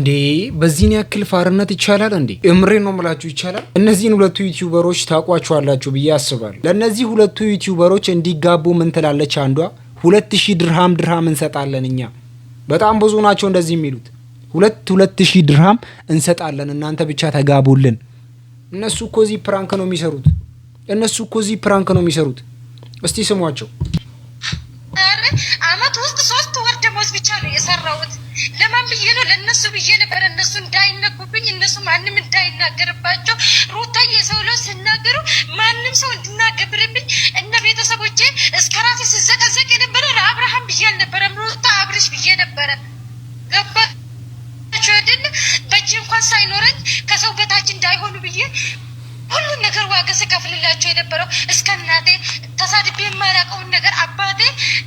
እንዴ በዚህን ያክል ፋርነት ይቻላል እንዴ? እምሬ ነው ምላችሁ ይቻላል። እነዚህን ሁለቱ ዩቲዩበሮች ታውቋቸዋላችሁ ብዬ አስባለሁ። ለእነዚህ ሁለቱ ዩቲዩበሮች እንዲጋቡ ምን ትላለች አንዷ? ሁለት ሺህ ድርሃም ድርሃም እንሰጣለን እኛ። በጣም ብዙ ናቸው እንደዚህ የሚሉት ሁለት ሁለት ሺህ ድርሃም እንሰጣለን እናንተ ብቻ ተጋቡልን። እነሱ እኮ እዚህ ፕራንክ ነው የሚሰሩት። እነሱ እኮ እዚህ ፕራንክ ነው የሚሰሩት። እስቲ ስሟቸው። አመት ውስጥ ሶስት ደሞዝ ብቻ ነው የሰራሁት። ለማን ብዬ ነው? ለእነሱ ብዬ ነበር፣ እነሱ እንዳይነኩብኝ፣ እነሱ ማንም እንዳይናገርባቸው። ሩታ የሰው ለው ስናገሩ ማንም ሰው እንድናገብርብኝ እነ ቤተሰቦቼ እስከ ራሴ ስዘቀዘቅ የነበረ ለአብርሃም ብዬ አልነበረም፣ ሩታ አብርሽ ብዬ ነበረ። ገባችሁ በእጅ እንኳን ሳይኖረኝ ከሰው በታች እንዳይሆኑ ብዬ ሁሉን ነገር ዋጋ ስከፍልላቸው የነበረው እስከ እናቴ ተሳድቤ የማያውቀውን ነገር አባቴ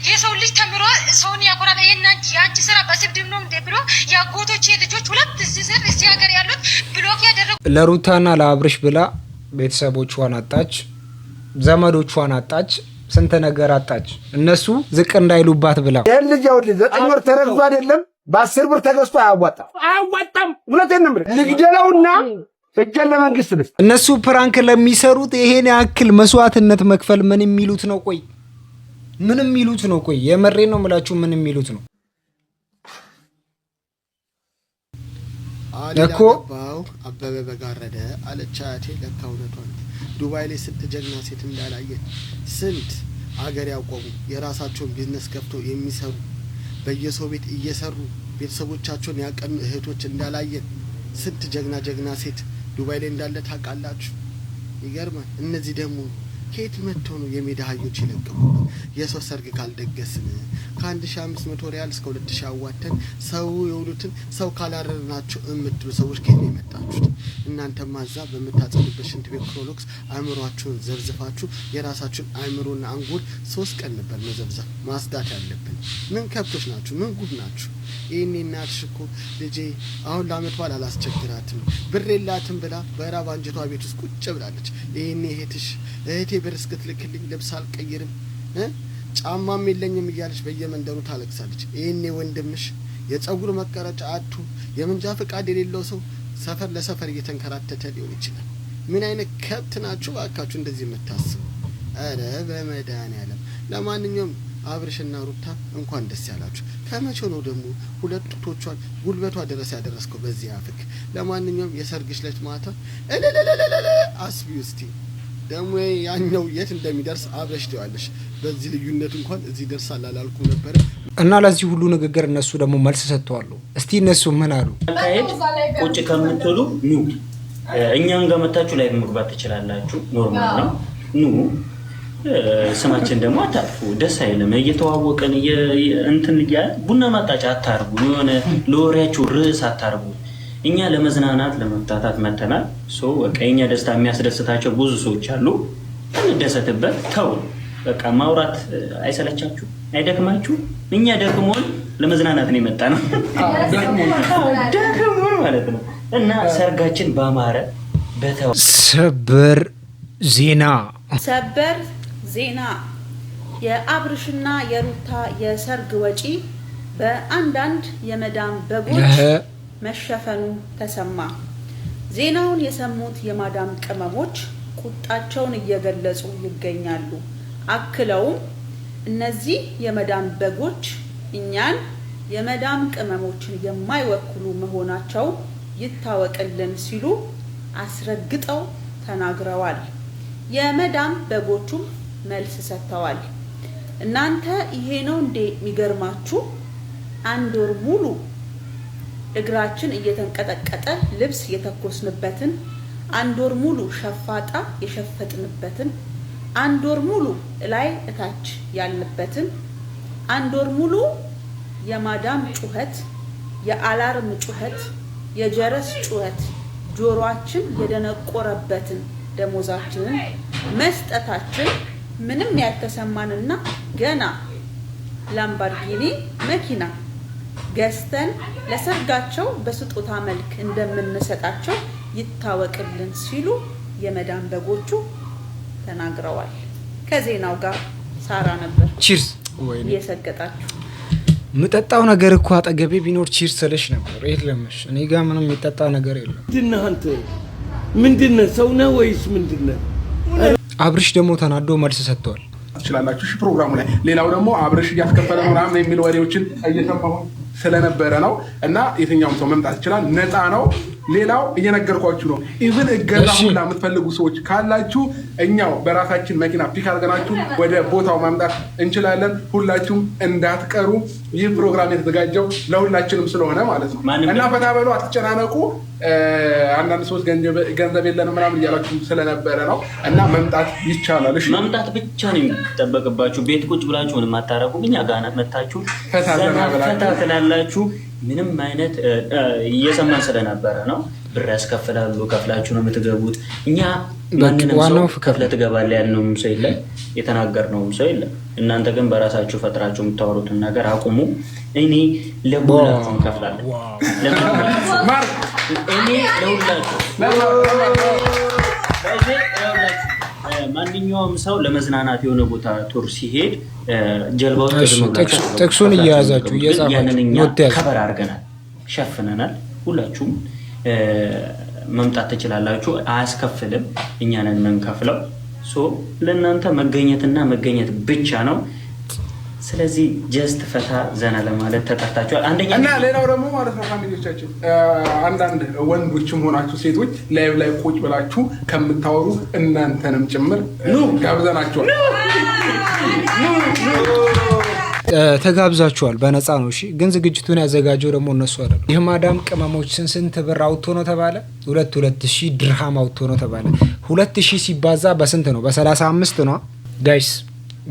የሰው ልጅ ተምሮ ሰውን ያኮራል። የአንቺ ስራ በስድብ ነው እንደ ብሎ የአጎቶቼ ልጆች ሁለት ስር እዚህ ሀገር ያሉት ብሎክ ያደረጉ ለሩታና ለአብርሽ ብላ ቤተሰቦቿን አጣች፣ ዘመዶቿን አጣች፣ ስንት ነገር አጣች። እነሱ ዝቅ እንዳይሉባት ብላ ይህን ልጅ ያው ዘጠኝ ወር ተረግዞ አይደለም በአስር ብር ተገዝቶ አያዋጣም፣ አያዋጣም። እውነቴን ነው የምልህ ልግደለውና እጄን ለመንግስት ልስ እነሱ ፕራንክ ለሚሰሩት ይሄን ያክል መስዋዕትነት መክፈል ምን የሚሉት ነው? ቆይ ምን የሚሉት ነው? ቆይ የመሬ ነው ምላችሁ ምን የሚሉት ነው እኮ አበበ በጋረደ አለቻቴ ለካ እውነቷን ዱባይ ላይ ስንት ጀግና ሴት እንዳላየ ስንት አገር ያቆሙ የራሳቸውን ቢዝነስ ገብቶ የሚሰሩ በየሰው ቤት እየሰሩ ቤተሰቦቻቸውን ያቀም እህቶች እንዳላየን ስንት ጀግና ጀግና ሴት ዱባይ ላይ እንዳለ ታውቃላችሁ። ይገርማል። እነዚህ ደግሞ ከየት መጥቶ ነው የሜዳ አህዮች የለቀሙበት? የሰው ሰርግ ካልደገስን ከአንድ ሺ አምስት መቶ ሪያል እስከ ሁለት ሺ አዋተን ሰው የሆኑትን ሰው ካላረርናቸው የምትሉ ሰዎች ከየት ነው የመጣችሁት? እናንተ ማዛ በምታጸዱበት ሽንት ቤት ክሮሎክስ አእምሯችሁን ዘርዝፋችሁ የራሳችሁን አእምሮና አንጎል ሶስት ቀን ነበር መዘብዘብ ማስዳት ያለብን። ምን ከብቶች ናችሁ? ምን ጉድ ናችሁ? ይህኔ እናትሽ እኮ ልጄ አሁን ለአመት በዓል አላስቸግራትም ብር የላትም ብላ በራብ አንጀቷ ቤት ውስጥ ቁጭ ብላለች። ይህኔ እህትሽ እህቴ ብር እስክትልክልኝ ልብስ አልቀይርም ጫማም የለኝም እያለች በየመንደሩ ታለቅሳለች። ይህኔ ወንድምሽ የጸጉር መቀረጫ አቱ የመንጃ ፈቃድ የሌለው ሰው ሰፈር ለሰፈር እየተንከራተተ ሊሆን ይችላል። ምን አይነት ከብት ናችሁ እባካችሁ እንደዚህ የምታስቡ? በመዳን በመድኃኒዓለም ለማንኛውም አብርሽና ሩታ እንኳን ደስ ያላችሁ። ከመቼ ነው ደግሞ ሁለት ጡቶቿን ጉልበቷ ድረስ ያደረስከው በዚህ አፍክ? ለማንኛውም የሰርግሽ ዕለት ማታ እልልልልልል አስቢ ውስቴ ደግሞ ያኛው የት እንደሚደርስ አብረሽ ትዋለሽ። በዚህ ልዩነት እንኳን እዚህ ደርስ አላላልኩ ነበረ እና ለዚህ ሁሉ ንግግር እነሱ ደግሞ መልስ ሰጥተዋሉ። እስቲ እነሱ ምን አሉ? ካሄድ ቁጭ ከምትሉ ኑ እኛም ጋር መታችሁ ላይ መግባት ትችላላችሁ። ኖርማል ነው። ኑ ስማችን ደግሞ አታጥፉ። ደስ አይልም። እየተዋወቀን እንትን ቡና ማጣጫ አታርጉ። የሆነ ለወሬያችሁ ርዕስ አታርጉ። እኛ ለመዝናናት ለመፍታታት መተናል። በቃ የኛ ደስታ የሚያስደስታቸው ብዙ ሰዎች አሉ። እንደሰትበት ተው። በቃ ማውራት አይሰለቻችሁ? አይደክማችሁ? እኛ ደክሞን ለመዝናናት ነው የመጣ ነው፣ ደክሞን ማለት ነው። እና ሰርጋችን ባማረ በተው። ሰበር ዜና ሰበር ዜና የአብርሽና የሩታ የሰርግ ወጪ በአንዳንድ የመዳም በጎች መሸፈኑ ተሰማ። ዜናውን የሰሙት የማዳም ቅመሞች ቁጣቸውን እየገለጹ ይገኛሉ። አክለውም እነዚህ የመዳም በጎች እኛን የመዳም ቅመሞችን የማይወክሉ መሆናቸው ይታወቅልን ሲሉ አስረግጠው ተናግረዋል። የመዳም በጎቹም መልስ ሰጥተዋል። እናንተ ይሄ ነው እንዴ የሚገርማችሁ? አንድ ወር ሙሉ እግራችን እየተንቀጠቀጠ ልብስ የተኮስንበትን አንድ ወር ሙሉ ሸፋጣ የሸፈጥንበትን አንድ ወር ሙሉ እላይ እታች ያልንበትን አንድ ወር ሙሉ የማዳም ጩኸት፣ የአላርም ጩኸት፣ የጀረስ ጩኸት ጆሮአችን የደነቆረበትን ደሞዛችንን መስጠታችን ምንም ያልተሰማንና ገና ላምባርጊኒ መኪና ገዝተን ለሰርጋቸው በስጦታ መልክ እንደምንሰጣቸው ይታወቅልን ሲሉ የመዳን በጎቹ ተናግረዋል። ከዜናው ጋር ሳራ ነበር። ቺርስ እየሰገጣችሁ የምጠጣው ነገር እኮ አጠገቤ ቢኖር ቺርስ ስለሽ ነበር። የለምሽ እኔ ጋር ምንም የሚጠጣ ነገር የለም። ምንድነህ አንተ? ምንድነህ ሰው ነህ ወይስ ምንድነህ? አብርሽ ደግሞ ተናዶ መልስ ሰጥተዋል። ትችላላችሁ ፕሮግራሙ ላይ። ሌላው ደግሞ አብርሽ እያስከፈለ ምናምን የሚል ወሬዎችን እየሰማሁ ስለነበረ ነው እና የትኛውም ሰው መምጣት ይችላል። ነፃ ነው። ሌላው እየነገርኳችሁ ነው። ኢቭን እገዛ ሁላ የምትፈልጉ ሰዎች ካላችሁ እኛው በራሳችን መኪና ፒክ አድርገናችሁ ወደ ቦታው ማምጣት እንችላለን። ሁላችሁም እንዳትቀሩ። ይህ ፕሮግራም የተዘጋጀው ለሁላችንም ስለሆነ ማለት ነው እና ፈታ በሉ፣ አትጨናነቁ። አንዳንድ ሰዎች ገንዘብ የለንም ምናምን እያላችሁ ስለነበረ ነው እና መምጣት ይቻላል። መምጣት ብቻ ነው የሚጠበቅባችሁ። ቤት ቁጭ ብላችሁ ምንም አታረጉ። እኛ ጋር መታችሁ ፈታ ስላላችሁ ምንም አይነት እየሰማን ስለነበረ ነው። ብር ያስከፍላሉ፣ ከፍላችሁ ነው የምትገቡት። እኛ ማንንም ሰው ከፍለ ትገባለ ያልነውም ሰው የለም፣ የተናገርነውም ሰው የለም። እናንተ ግን በራሳችሁ ፈጥራችሁ የምታወሩትን ነገር አቁሙ። እኔ ለሁላችሁ ከፍላለሁ፣ እኔ ለሁላችሁ ማንኛውም ሰው ለመዝናናት የሆነ ቦታ ቱር ሲሄድ ጀልባው ጥቅሱን እየያዛችሁ እየጻፋችሁ ከበር አድርገናል፣ ሸፍነናል። ሁላችሁም መምጣት ትችላላችሁ፣ አያስከፍልም። እኛንን የምንከፍለው ለእናንተ መገኘትና መገኘት ብቻ ነው። ስለዚህ ጀስት ፈታ ዘና ለማለት ተጠርታችኋል። አንደኛ እና ሌላው ደግሞ ማለት ነው ፋሚሊዎቻችን፣ አንዳንድ ወንዶችም ሆናችሁ ሴቶች ላይቭ ላይ ቁጭ ብላችሁ ከምታወሩ እናንተንም ጭምር ጋብዘናችኋል፣ ተጋብዛችኋል። በነፃ ነው። እሺ፣ ግን ዝግጅቱን ያዘጋጀው ደግሞ እነሱ አይደሉም። ይህ ማዳም ቅመሞች ስንት ብር አውጥቶ ነው ተባለ? ሁለት ሁለት ሺህ ድርሃም አውጥቶ ነው ተባለ። ሁለት ሺህ ሲባዛ በስንት ነው? በሰላሳ አምስት ነው ጋይስ።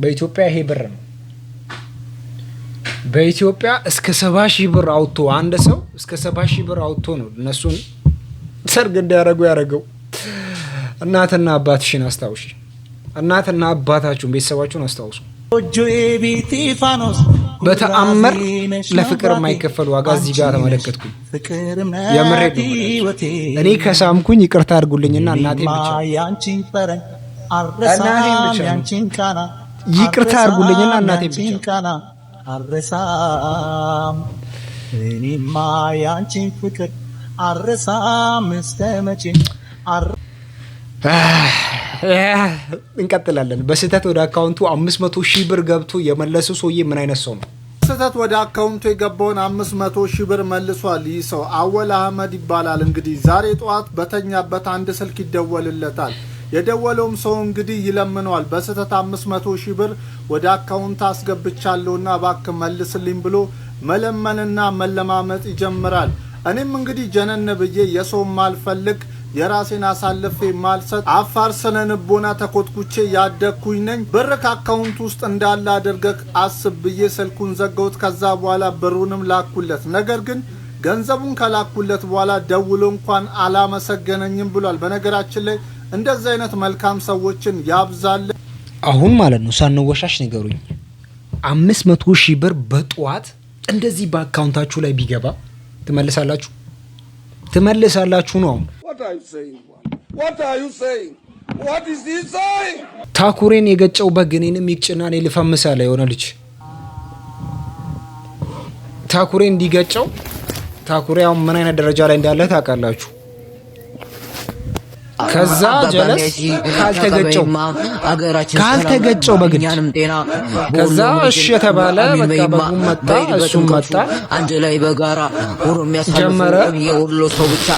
በኢትዮጵያ ይሄ ብር ነው በኢትዮጵያ እስከ ሰባ ሺህ ብር አውጥቶ አንድ ሰው እስከ ሰባ ሺህ ብር አውጥቶ ነው እነሱን ሰርግ እንዲያደረጉ ያደረገው። እናትና አባትሽን አስታውሽ። እናትና አባታችሁን ቤተሰባችሁን አስታውሱ። በተአምር ለፍቅር የማይከፈል ዋጋ እዚህ ጋር ተመለከትኩኝ። የምሬ እኔ ከሳምኩኝ ይቅርታ አድርጉልኝና እናቴ ብቻ ይቅርታ አድርጉልኝና እናቴ ብቻ አረሳም እኔማ ያንቺን ፍቅር አረሳም እስከ መቼ። እንቀጥላለን። በስህተት ወደ አካውንቱ አምስት መቶ ሺህ ብር ገብቶ የመለሱ ሰውዬ ምን አይነት ሰው ነው? ስህተት ወደ አካውንቱ የገባውን አምስት መቶ ሺህ ብር መልሷል። ይህ ሰው አወል አህመድ ይባላል። እንግዲህ ዛሬ ጠዋት በተኛበት አንድ ስልክ ይደወልለታል። የደወለውም ሰው እንግዲህ ይለምነዋል። በስህተት 500 መቶ ሺህ ብር ወደ አካውንት አስገብቻለሁና እባክህ መልስልኝ ብሎ መለመንና መለማመጥ ይጀምራል። እኔም እንግዲህ ጀነን ብዬ የሰው ማልፈልግ የራሴን አሳልፌ ማልሰጥ አፋር ስነ ተኮትኩቼ ያደግኩኝ ነኝ። ብር ከአካውንት ውስጥ እንዳለ አድርገህ አስብ ብዬ ስልኩን ዘገውት። ከዛ በኋላ ብሩንም ላኩለት። ነገር ግን ገንዘቡን ከላኩለት በኋላ ደውሎ እንኳን አላመሰገነኝም ብሏል። በነገራችን ላይ እንደዚህ አይነት መልካም ሰዎችን ያብዛልን። አሁን ማለት ነው ሳንወሻሽ ንገሩኝ፣ አምስት መቶ ሺህ ብር በጠዋት እንደዚህ በአካውንታችሁ ላይ ቢገባ ትመልሳላችሁ? ትመልሳላችሁ ነው አሁን ታኩሬን የገጨው በግ እኔንም ይጭናል ልፈምሳለ የሆነ ልጅ ታኩሬ እንዲገጨው ታኩሬ አሁን ምን አይነት ደረጃ ላይ እንዳለ ታውቃላችሁ። ከዛ ጀለስ ካልተገጨው ካልተገጨው በግድ ከዛ እሺ የተባለ በቃ በጉም መጣ፣ እሱም መጣ፣ አንድ ላይ በጋራ ጀመረ። የወሎ ሰው ብቻ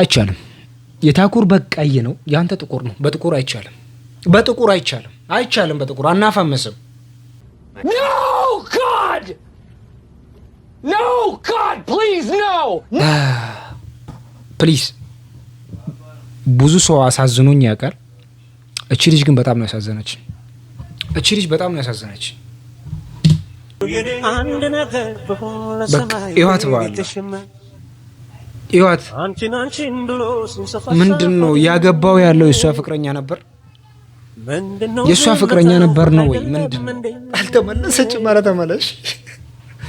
አይቻልም። የታኩር በቀይ ነው፣ ያንተ ጥቁር ነው። በጥቁር አይቻልም፣ በጥቁር አይቻልም፣ አይቻልም። በጥቁር አናፈምስም። ኖ ጋድ No, God, please, no! ፕሊዝ ah, ብዙ ሰው አሳዝኖኝ ያውቃል። እቺ ልጅ ግን በጣም ነው ያሳዘነች። እቺ ልጅ በጣም ነው ያሳዘነች። ይዋት በኋላ ይዋት ምንድን ነው ያገባው ያለው የእሷ ፍቅረኛ ነበር የእሷ ፍቅረኛ ነበር ነው ወይ ምንድን ነው? አልተመለሰችም። አልተመለሽ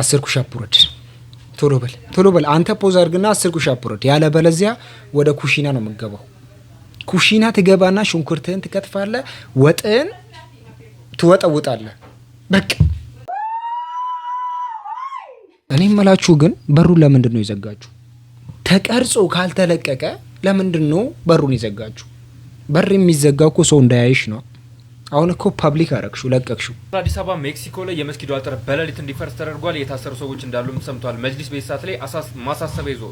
አስር ኩሻፕ ውረድ። ቶሎ በል ቶሎ በል አንተ ፖዝ አድርግና አስር ኩሻፕ ውረድ። በለዚያ ወደ ኩሽና ነው የምገባው። ኩሽና ትገባና ሽንኩርትህን ትከትፋለ፣ ወጥህን ትወጠውጣለህ። በቃ እኔ እምላችሁ ግን በሩን ለምንድን ነው የዘጋችሁ? ተቀርጾ ካልተለቀቀ ለምንድን ነው በሩን የዘጋችሁ? በር የሚዘጋው እኮ ሰው እንዳያይሽ ነው። አሁን እኮ ፐብሊክ አረግሹ ለቀቅሹ። አዲስ አበባ ሜክሲኮ ላይ የመስጊዱ አጥር በሌሊት እንዲፈርስ ተደርጓል። የታሰሩ ሰዎች እንዳሉም ሰምተዋል መጅሊስ በዚህ ላይ ማሳሰቢያ ይዞ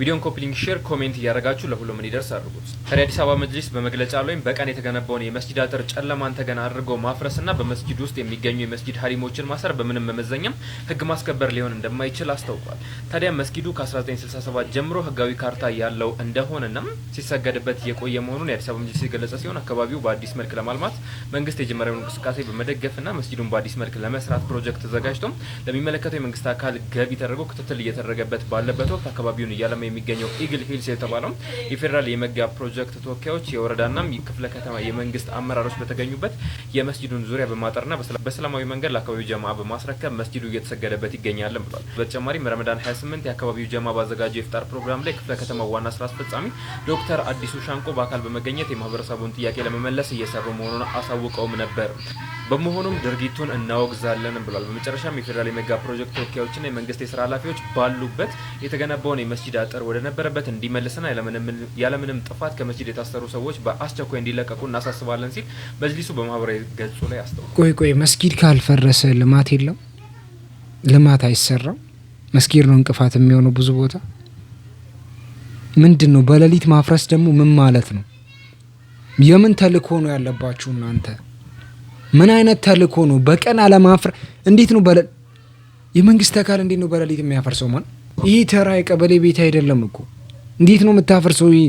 ቪዲዮን ኮፒሊንግ፣ ሼር፣ ኮሜንት እያደረጋችሁ ለሁሉም እንዲደርስ አድርጉት። ታዲያ አዲስ አበባ መጅሊስ በመግለጫ ላይም በቀን የተገነባውን የመስጊድ አጥር ጨለማን ተገና አድርጎ ማፍረስና በመስጊድ ውስጥ የሚገኙ የመስጊድ ሀሪሞችን ማሰር በምንም መመዘኛም ህግ ማስከበር ሊሆን እንደማይችል አስታውቋል። ታዲያ መስጊዱ ከ1967 ጀምሮ ህጋዊ ካርታ ያለው እንደሆነና ሲሰገድበት የቆየ መሆኑን የአዲስ አበባ መጅሊስ የገለጸ ሲሆን አካባቢው በአዲስ መልክ ለማልማት መንግስት የጀመረውን እንቅስቃሴ በመደገፍና መስጂዱን በአዲስ መልክ ለመስራት ፕሮጀክት ተዘጋጅቶም ለሚመለከተው የመንግስት አካል ገቢ ተደርጎ ክትትል እየተደረገበት ባለበት ወቅት አካባቢውን እያለማ የሚገኘው ኢግል ሂልስ የተባለው የፌዴራል የመጋ ፕሮጀክት ተወካዮች፣ የወረዳና ክፍለ ከተማ የመንግስት አመራሮች በተገኙበት የመስጂዱን ዙሪያ በማጠርና በሰላማዊ መንገድ ለአካባቢው ጀማ በማስረከብ መስጂዱ እየተሰገደበት ይገኛል ብሏል። በተጨማሪም ረመዳን 28 የአካባቢው ጀማ ባዘጋጀው የፍጣር ፕሮግራም ላይ ክፍለ ከተማ ዋና ስራ አስፈጻሚ ዶክተር አዲሱ ሻንቆ በአካል በመገኘት የማህበረሰቡን ጥያቄ ለመመለስ እየሰሩ መሆኑን አሳ አላወቀውም ነበር። በመሆኑም ድርጊቱን እናወግዛለን ብሏል። በመጨረሻም የፌዴራል የሜጋ ፕሮጀክት ተወካዮችና የመንግስት የስራ ኃላፊዎች ባሉበት የተገነባውን የመስጂድ አጥር ወደ ነበረበት እንዲመልስና ያለምንም ጥፋት ከመስጂድ የታሰሩ ሰዎች በአስቸኳይ እንዲለቀቁ እናሳስባለን ሲል መጅሊሱ በማህበራዊ ገጹ ላይ አስታውቋል። ቆይ ቆይ መስጊድ ካልፈረሰ ልማት የለም? ልማት አይሰራም? መስጊድ ነው እንቅፋት የሚሆነው ብዙ ቦታ ምንድን ነው? በሌሊት ማፍረስ ደግሞ ምን ማለት ነው? የምን ተልእኮ ነው ያለባችሁ እናንተ? ምን አይነት ተልእኮ ነው? በቀን አለማፍረ እንዴት ነው? የመንግስት አካል እንዴት ነው በሌሊት የሚያፈርሰው? ማን ይህ ተራ የቀበሌ ቤት አይደለም እኮ እንዴት ነው የምታፈርሰው? ይህ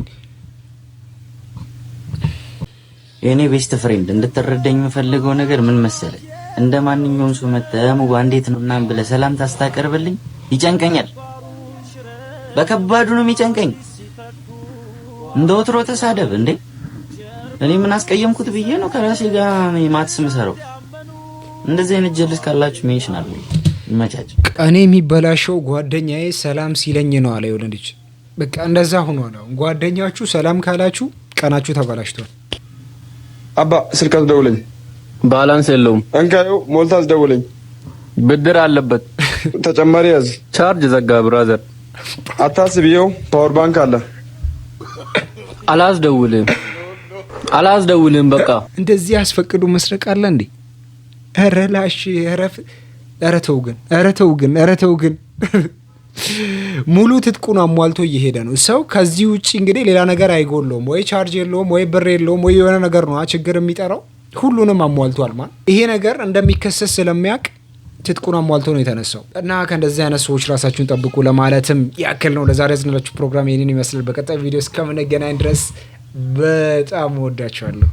የእኔ ቤስት ፍሬንድ እንድትረዳኝ የምፈልገው ነገር ምን መሰለ እንደ ማንኛውም ሰው መተህ እንዴት ነው ምናምን ብለህ ሰላም ታስታቀርብልኝ ይጨንቀኛል። በከባዱ ነው የሚጨንቀኝ። እንደ ወትሮ ተሳደብ እንዴ እኔ ምን አስቀየምኩት ብዬ ነው ከራሴ ጋር ማትስ ምሰረው። እንደዚህ አይነት ጀልስ ካላችሁ ሜንሽን አሉ ይመቻች። ቀኔ የሚበላሸው ጓደኛዬ ሰላም ሲለኝ ነው አለ ልጅ። በቃ እንደዛ ሆኖ ነው። ጓደኛችሁ ሰላም ካላችሁ ቀናችሁ ተበላሽቷል። አባ ስልክ አስደውለኝ። ባላንስ የለውም። እንካዩ ሞልታ አስደውለኝ። ብድር አለበት። ተጨማሪ ያዝ። ቻርጅ ዘጋ። ብራዘር አታስብየው። ፓወር ባንክ አለ። አላስደውልም አላስደውልም። በቃ እንደዚህ ያስፈቅዱ መስረቅ አለ እንዴ? ኧረ ላሽ ኧረ ተው ግን ኧረ ተው ግን ኧረ ተው ግን። ሙሉ ትጥቁን አሟልቶ እየሄደ ነው ሰው። ከዚህ ውጭ እንግዲህ ሌላ ነገር አይጎለውም፣ ወይ ቻርጅ የለውም፣ ወይ ብር የለውም፣ ወይ የሆነ ነገር ነው ችግር የሚጠራው። ሁሉንም አሟልቷል። ማ ይሄ ነገር እንደሚከሰስ ስለሚያውቅ ትጥቁን አሟልቶ ነው የተነሳው። እና ከእንደዚህ አይነት ሰዎች ራሳችሁን ጠብቁ ለማለትም ያክል ነው። ለዛሬ ያዝንላችሁ ፕሮግራም ይህንን ይመስላል። በቀጣይ ቪዲዮ እስከምንገናኝ ድረስ በጣም ወዳቸዋለሁ